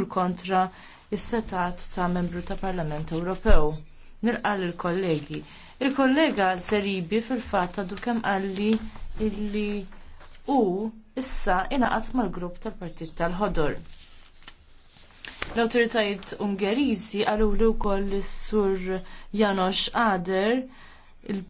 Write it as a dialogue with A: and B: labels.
A: kull kontra is-setat ta' membru ta' Parlament Ewropew. Nirqal il-kollegi. Il-kollega Zeribi fil-fatt għadu kemm qalli illi u issa inaqat mal-grupp tal-Partit tal-Ħodor. l ungerizi Ungeriżi li wkoll is sur Janos
B: Ader